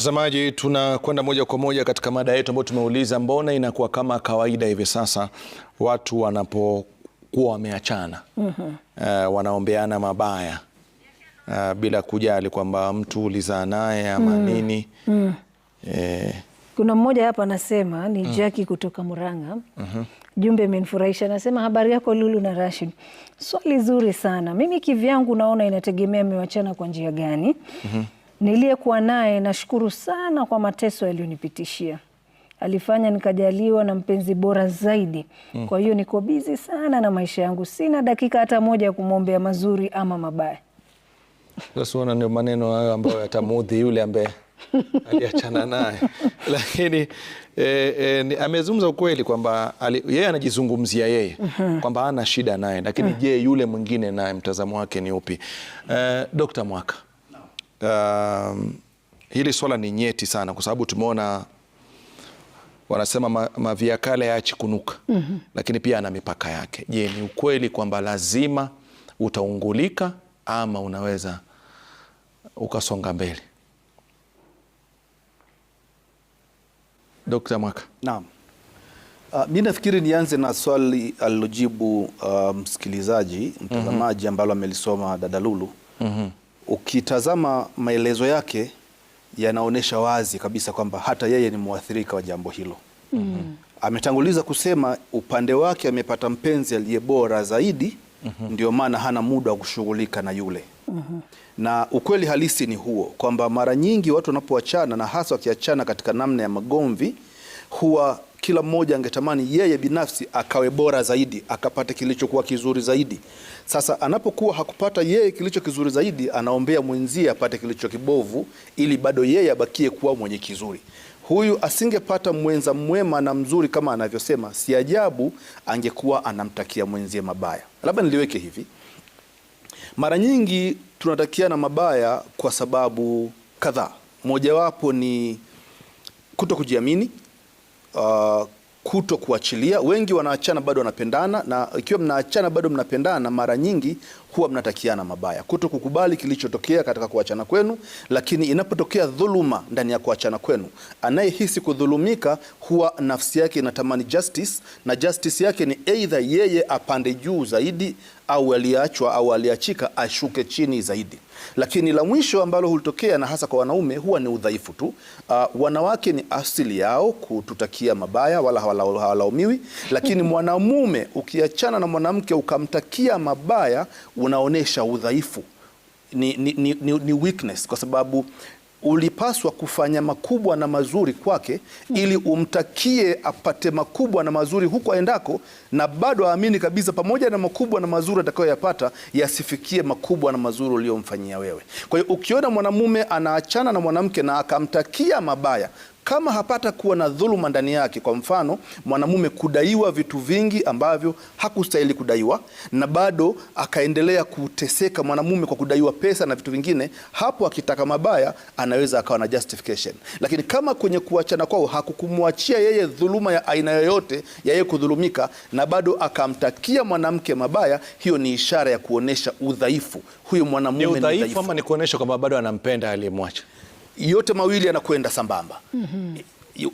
Mtazamaji, tunakwenda moja kwa moja katika mada yetu ambayo tumeuliza, mbona inakuwa kama kawaida hivi sasa watu wanapokuwa wameachana mm -hmm. uh, wanaombeana mabaya uh, bila kujali kwamba mtu ulizaa naye ama mm. nini mm. Eh. Kuna mmoja hapa anasema ni mm. Jackie kutoka Murang'a mm -hmm. Jumbe imenifurahisha, anasema habari yako Lulu na Rashid. Swali zuri sana. Mimi kivyangu naona inategemea mmewachana kwa njia gani? mm -hmm niliyekuwa naye nashukuru sana kwa mateso yaliyonipitishia alifanya nikajaliwa na mpenzi bora zaidi. Mm. Kwa hiyo niko bizi sana na maisha yangu, sina dakika hata moja ya kumwombea mazuri ama mabaya. Sasa ndio maneno hayo ambayo yatamuudhi yule ambaye aliachana naye lakini eh, eh, amezungumza ukweli kwamba yeye anajizungumzia yeye mhm. kwamba ana shida naye, lakini mhm. je, yule mwingine naye mtazamo wake ni upi? Eh, Dokta Mwaka um, hili swala ni nyeti sana kwa sababu tumeona wanasema ma, kale yaachi kunuka mm -hmm. Lakini pia ana mipaka yake. Je, ni ukweli kwamba lazima utaungulika ama unaweza ukasonga mbele? Dr. Mwaka. Naam. Uh, mi nafikiri nianze na swali alilojibu uh, msikilizaji mhm. mtazamaji ambalo amelisoma dada Lulu mm -hmm. Ukitazama maelezo yake yanaonyesha wazi kabisa kwamba hata yeye ni mwathirika wa jambo hilo. mm -hmm. Ametanguliza kusema upande wake amepata mpenzi aliye bora zaidi. mm -hmm. Ndio maana hana muda wa kushughulika na yule. mm -hmm. Na ukweli halisi ni huo kwamba mara nyingi watu wanapoachana na hasa wakiachana katika namna ya magomvi huwa kila mmoja angetamani yeye binafsi akawe bora zaidi, akapate kilichokuwa kizuri zaidi. Sasa anapokuwa hakupata yeye kilicho kizuri zaidi, anaombea mwenzie apate kilicho kibovu, ili bado yeye abakie kuwa mwenye kizuri. Huyu asingepata mwenza mwema na mzuri kama anavyosema, si ajabu angekuwa anamtakia mwenzie mabaya. Labda niliweke hivi, mara nyingi tunatakiana mabaya kwa sababu kadhaa, mojawapo ni kuto kujiamini uh, kuto kuachilia. Wengi wanaachana bado wanapendana, na ikiwa mnaachana bado mnapendana, mara nyingi kuwa mnatakiana mabaya, kuto kukubali kilichotokea katika kuachana kwenu. Lakini inapotokea dhuluma ndani ya kuachana kwenu, anayehisi kudhulumika huwa nafsi yake inatamani justice, na justice yake ni aidha yeye apande juu zaidi au aliachwa au aliachika ashuke chini zaidi. Lakini la mwisho ambalo hulitokea na hasa kwa wanaume huwa ni udhaifu tu. Uh, wanawake ni asili yao kututakia mabaya, wala hawalaumiwi. Lakini mwanamume ukiachana na mwanamke ukamtakia mabaya unaonesha udhaifu ni, ni, ni, ni weakness kwa sababu ulipaswa kufanya makubwa na mazuri kwake ili umtakie apate makubwa na mazuri huko aendako, na bado aamini kabisa pamoja na makubwa na mazuri atakayoyapata yasifikie makubwa na mazuri uliyomfanyia wewe. Kwa hiyo ukiona mwanamume anaachana na mwanamke na akamtakia mabaya kama hapata kuwa na dhuluma ndani yake. Kwa mfano, mwanamume kudaiwa vitu vingi ambavyo hakustahili kudaiwa na bado akaendelea kuteseka mwanamume kwa kudaiwa pesa na vitu vingine, hapo akitaka mabaya anaweza akawa na justification. Lakini kama kwenye kuachana kwao hakukumwachia yeye dhuluma ya aina yoyote ya yeye kudhulumika na bado akamtakia mwanamke mabaya, hiyo ni ishara ya kuonesha udhaifu. Huyo mwanamume ni udhaifu ama ni kuonesha kwamba bado anampenda aliyemwacha yote mawili yanakwenda sambamba mm -hmm.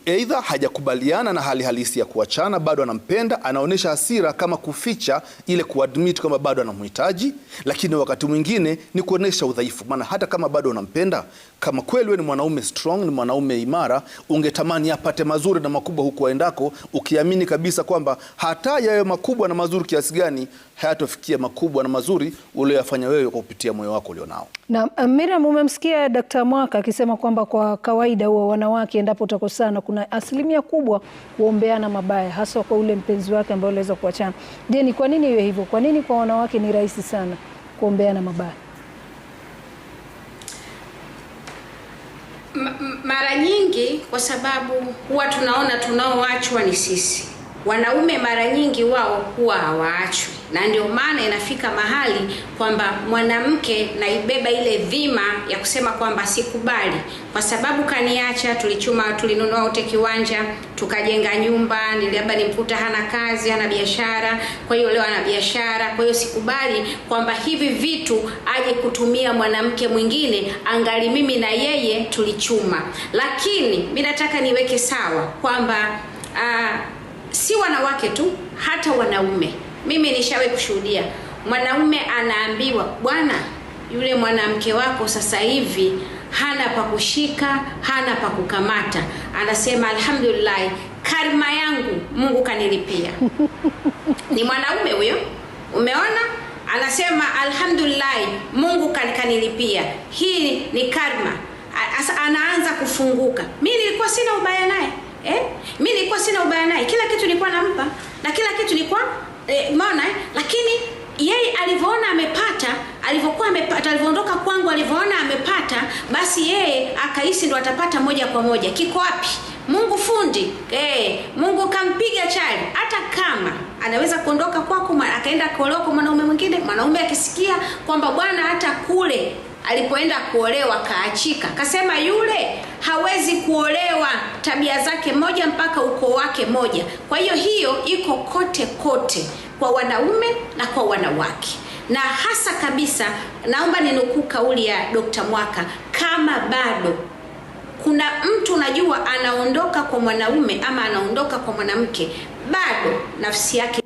Aidha hajakubaliana na hali halisi ya kuachana, bado anampenda, anaonyesha hasira kama kuficha ile kuadmit kwamba bado anamhitaji, lakini wakati mwingine ni kuonyesha udhaifu. Maana hata kama bado unampenda, kama kweli wewe ni mwanaume strong, ni mwanaume imara, ungetamani apate mazuri na makubwa huku aendako, ukiamini kabisa kwamba hata yayo makubwa na mazuri kiasi gani hayatofikia makubwa na mazuri ulioyafanya wewe kwa kupitia moyo wako ulionao. Na eh, Miriam, umemsikia Dkt. Mwaka akisema kwamba kwa kawaida huwa wanawake endapo utakosana, kuna asilimia kubwa huombeana mabaya, hasa kwa ule mpenzi wake ambaye aliweza kuachana. Je, ni kwa nini iwe hivyo? Kwa nini kwa wanawake ni rahisi sana kuombeana mabaya? mara nyingi kwa sababu huwa tunaona tunaoachwa ni sisi wanaume mara nyingi wao huwa hawaachwi, na ndio maana inafika mahali kwamba mwanamke naibeba ile dhima ya kusema kwamba sikubali, kwa sababu kaniacha, tulichuma, tulinunua ute kiwanja, tukajenga nyumba, labda nimkuta hana kazi, hana biashara, kwa hiyo leo ana biashara. Kwa hiyo sikubali kwamba hivi vitu aje kutumia mwanamke mwingine, angali mimi na yeye tulichuma. Lakini mi nataka niweke sawa kwamba uh, si wanawake tu, hata wanaume. Mimi nishawe kushuhudia mwanaume anaambiwa, bwana, yule mwanamke wako sasa hivi hana pa kushika, hana pa kukamata. Anasema alhamdulillah, karma yangu Mungu kanilipia. Ni mwanaume huyo, umeona? Anasema alhamdulillah, Mungu kanilipia. Hii ni karma. anaanza kufunguka. Mimi nilikuwa sina ubaya naye eh? Mimi nilikuwa sina ubaya naye, kila kitu nilikuwa nampa na kila kitu nilikuwa eh, maona eh? Lakini yeye alivyoona amepata, alivyokuwa amepata, alivyoondoka kwangu, alivyoona amepata, basi yeye akahisi ndo atapata moja kwa moja. Kiko wapi? Mungu fundi eh, Mungu kampiga chali. Hata kama anaweza kuondoka kwako akaenda kuolewa kwa mwanaume mwingine, mwanaume akisikia kwamba bwana, hata kule alipoenda kuolewa kaachika, kasema yule hawezi kuolewa, tabia zake moja mpaka ukoo wake moja. Kwa hiyo hiyo iko kote kote kwa wanaume na kwa wanawake na hasa kabisa, naomba ninukuu kauli ya Dokta Mwaka, kama bado kuna mtu unajua anaondoka kwa mwanaume ama anaondoka kwa mwanamke, bado nafsi yake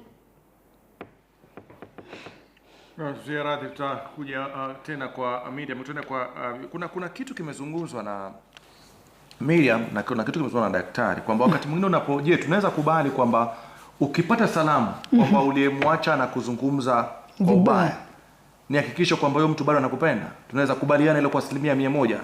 Zuia tutakuja uh, tena kwa uh, Miriam. Tena kwa uh, kuna kuna kitu kimezungumzwa na Miriam na kuna kitu kimezungumzwa na daktari kwamba wakati mwingine unapo, je, tunaweza kubali kwamba ukipata salamu kwamba mhm. uliyemwacha na kuzungumza kwa ubaya ni hakikisho kwamba huyo mtu bado anakupenda? Tunaweza kubaliana ile kwa asilimia mia moja?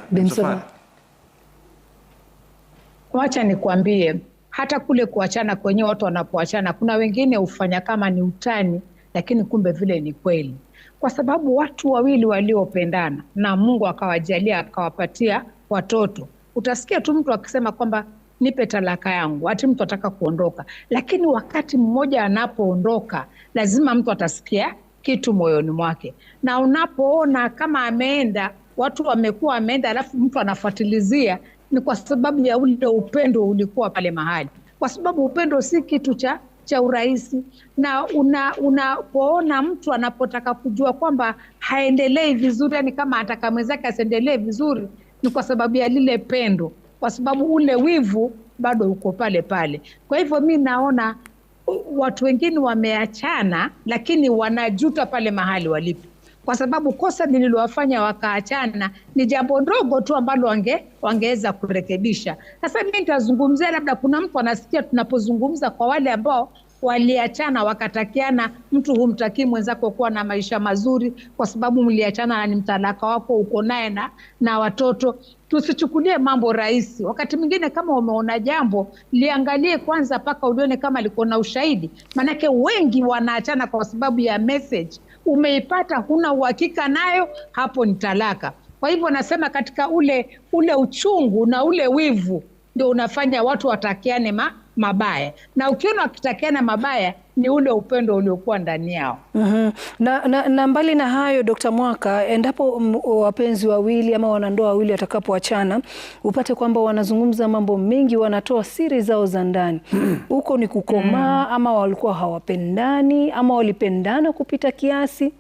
Wacha nikwambie, hata kule kuachana kwenyewe, watu wanapoachana, kuna wengine hufanya kama ni utani, lakini kumbe vile ni kweli kwa sababu watu wawili waliopendana na Mungu akawajalia akawapatia watoto, utasikia tu mtu akisema kwamba nipe talaka yangu, hati mtu ataka kuondoka. Lakini wakati mmoja anapoondoka, lazima mtu atasikia kitu moyoni mwake, na unapoona kama ameenda, watu wamekuwa ameenda, alafu mtu anafuatilizia, ni kwa sababu ya ule upendo ulikuwa pale mahali, kwa sababu upendo si kitu cha cha urais, na unapoona una, mtu anapotaka kujua kwamba haendelei vizuri, yani kama ataka mwenzake asiendelee vizuri, ni kwa sababu ya lile pendo, kwa sababu ule wivu bado uko pale pale. Kwa hivyo mi naona watu wengine wameachana, lakini wanajuta pale mahali walipo kwa sababu kosa lililowafanya wakaachana ni jambo ndogo tu ambalo wange, wangeweza kurekebisha. Sasa mimi nitazungumzia, labda kuna mtu anasikia tunapozungumza kwa wale ambao waliachana wakatakiana, mtu humtakii mwenzako kuwa na maisha mazuri kwa sababu mliachana na ni mtalaka wako uko naye na, na watoto. Tusichukulie mambo rahisi. Wakati mwingine kama umeona jambo liangalie kwanza mpaka ulione kama liko na ushahidi, maanake wengi wanaachana kwa sababu ya message umeipata, huna uhakika nayo, hapo ni talaka. Kwa hivyo nasema katika ule ule uchungu na ule wivu ndio unafanya watu watakiane ma, mabaya, na ukiona wakitakiana mabaya ni ule upendo uliokuwa ndani yao. Uhum. Na, na, na mbali na hayo Dkt. Mwaka, endapo mm, wapenzi wawili ama wanandoa wawili watakapoachana, upate kwamba wanazungumza mambo mengi, wanatoa siri zao za ndani hmm. huko ni kukomaa mm. ama walikuwa hawapendani ama walipendana kupita kiasi?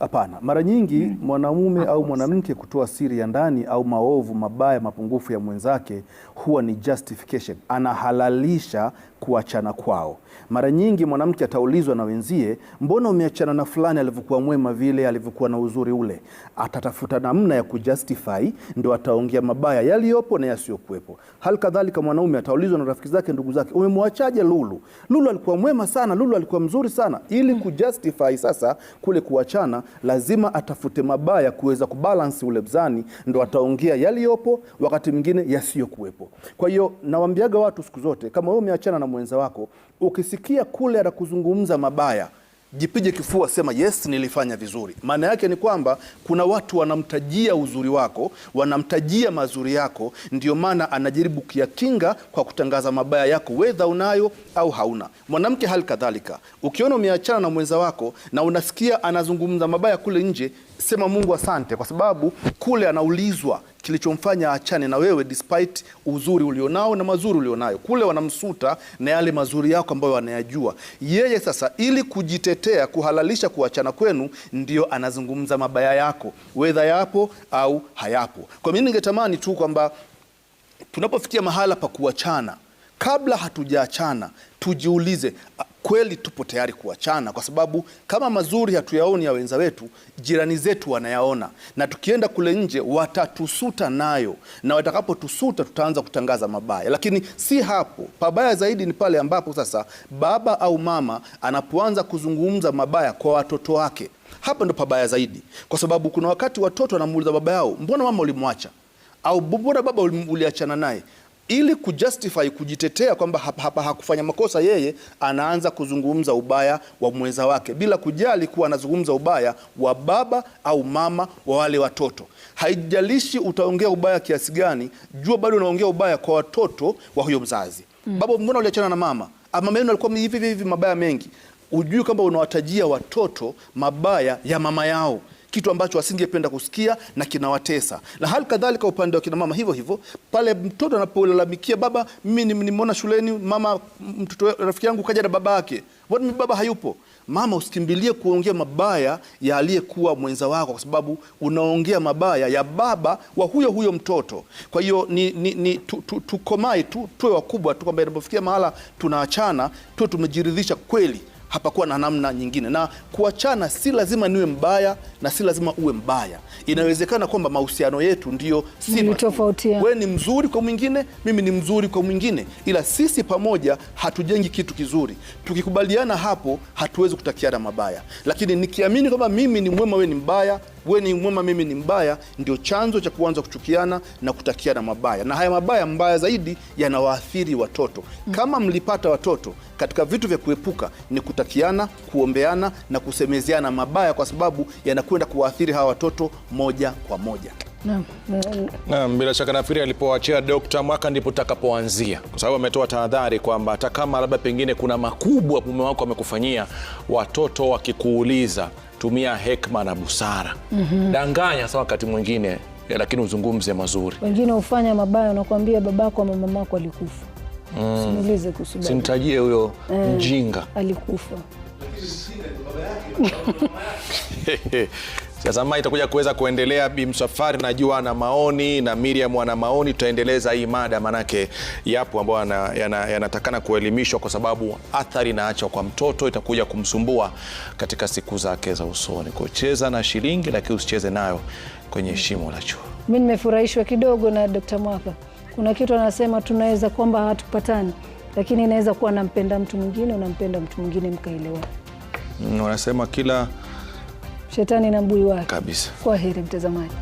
Hapana, mara nyingi hmm, mwanamume au mwanamke kutoa siri ya ndani au maovu mabaya, mapungufu ya mwenzake huwa ni justification, anahalalisha kuachana kwao. Mara nyingi mwanamke ataulizwa na wenzie, mbona umeachana na fulani alivyokuwa mwema vile, alivyokuwa na uzuri ule? Atatafuta namna ya kujustify, ndo ataongea mabaya yaliyopo na yasiyokuwepo. Hali kadhalika mwanaume ataulizwa na rafiki zake, ndugu zake, umemwachaje Lulu? Lulu alikuwa mwema sana, Lulu alikuwa mzuri sana. Ili hmm. kujustify sasa kule kuachana, lazima atafute mabaya kuweza kubalance ule mzani, ndo ataongea yaliyopo, wakati mwingine yasiyokuwepo. Kwa hiyo nawaambiaga watu siku zote, kama wewe umeachana na mwenza wako, ukisikia kule anakuzungumza mabaya, jipige kifua, sema yes, nilifanya vizuri. Maana yake ni kwamba kuna watu wanamtajia uzuri wako, wanamtajia mazuri yako, ndio maana anajaribu kuyakinga kwa kutangaza mabaya yako, wedha unayo au hauna. Mwanamke hali kadhalika, ukiona umeachana na mwenza wako na unasikia anazungumza mabaya kule nje, sema Mungu asante, kwa sababu kule anaulizwa kilichomfanya achane na wewe despite uzuri ulionao na mazuri ulionayo. Kule wanamsuta na yale mazuri yako ambayo wanayajua yeye. Sasa ili kujitetea, kuhalalisha kuachana kwenu, ndio anazungumza mabaya yako, wedha yapo au hayapo. Kwa mimi ningetamani tu kwamba tunapofikia mahala pa kuachana, kabla hatujaachana tujiulize kweli tupo tayari kuachana, kwa sababu kama mazuri hatuyaoni ya wenza wetu, jirani zetu wanayaona, na tukienda kule nje watatusuta nayo, na watakapotusuta tutaanza kutangaza mabaya. Lakini si hapo, pabaya zaidi ni pale ambapo sasa baba au mama anapoanza kuzungumza mabaya kwa watoto wake. Hapa ndo pabaya zaidi, kwa sababu kuna wakati watoto wanamuuliza baba yao, mbona mama ulimwacha? Au mbona baba uliachana naye? ili kujustify kujitetea kwamba hapa, hapa hakufanya makosa yeye, anaanza kuzungumza ubaya wa mwenza wake bila kujali kuwa anazungumza ubaya wa baba au mama wa wale watoto. Haijalishi utaongea ubaya kiasi gani, jua bado unaongea ubaya kwa watoto wa huyo mzazi. Mm. Baba, mbona uliachana na mama? Ah, mama yenu alikuwa hivi hivi, mabaya mengi. Ujui kwamba unawatajia watoto mabaya ya mama yao kitu ambacho asingependa kusikia na kinawatesa. Na hali kadhalika upande wa kina mama hivyo hivyo, pale mtoto anapolalamikia, baba, mimi nimeona shuleni mama, mtoto rafiki yangu kaja na baba yake, bwana mimi baba hayupo? Mama, usikimbilie kuongea mabaya ya aliyekuwa mwenza wako, kwa sababu unaongea mabaya ya baba wa huyo huyo mtoto. Kwa hiyo ni, ni, ni tukomai tu, tuwe wakubwa tu, kwamba inapofikia mahala tunaachana, tuwe tumejiridhisha kweli hapakuwa na namna nyingine. Na kuachana si lazima niwe mbaya na si lazima uwe mbaya. Inawezekana kwamba mahusiano yetu ndiyo tofauti. Wewe ni mzuri kwa mwingine, mimi ni mzuri kwa mwingine, ila sisi pamoja hatujengi kitu kizuri. Tukikubaliana hapo, hatuwezi kutakiana mabaya, lakini nikiamini kwamba mimi ni mwema, wewe ni mbaya wewe ni mwema, mimi ni mbaya, ndio chanzo cha kuanza kuchukiana na kutakiana mabaya, na haya mabaya mbaya zaidi yanawaathiri watoto. Mm. Kama mlipata watoto, katika vitu vya kuepuka ni kutakiana, kuombeana na kusemezeana mabaya, kwa sababu yanakwenda kuwaathiri hawa watoto moja kwa moja. na, bila shaka nafikiri alipoachia Dokta Mwaka ndipo takapoanzia, kwa sababu ametoa tahadhari kwamba hata kama labda pengine kuna makubwa mume wako amekufanyia, watoto wakikuuliza tumia hekma na busara. mm -hmm. Danganya sa wakati mwingine, lakini uzungumze mazuri. Wengine hufanya mabaya, unakwambia babako ama mamako alikufa. Mm. Simulize simtajie huyo eh, mjinga alikufa Tazama itakuja kuweza kuendelea. Bimsafari najua ana maoni na Miriam ana maoni, tutaendeleza hii mada, maanake yapo ambayo yanatakana yana kuelimishwa, kwa sababu athari inaacha kwa mtoto itakuja kumsumbua katika siku zake za usoni. Kucheza na shilingi, lakini usicheze nayo kwenye shimo la choo. Mi nimefurahishwa kidogo na Dokta Mwapa, kuna kitu anasema, tunaweza kwamba hatupatani, lakini inaweza kuwa nampenda mtu mwingine, unampenda mtu mwingine, mkaelewana. Mm, wanasema kila Shetani na mbuyi wake kabisa. Kwa heri mtazamaji.